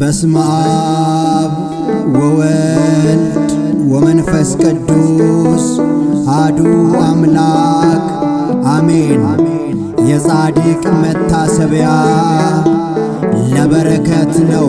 በስመ አብ ወወልድ ወመንፈስ ቅዱስ አሐዱ አምላክ አሜን። የጻድቅ መታሰቢያ ለበረከት ነው።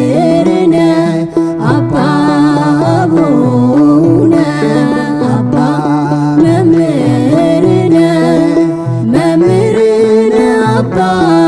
Oh.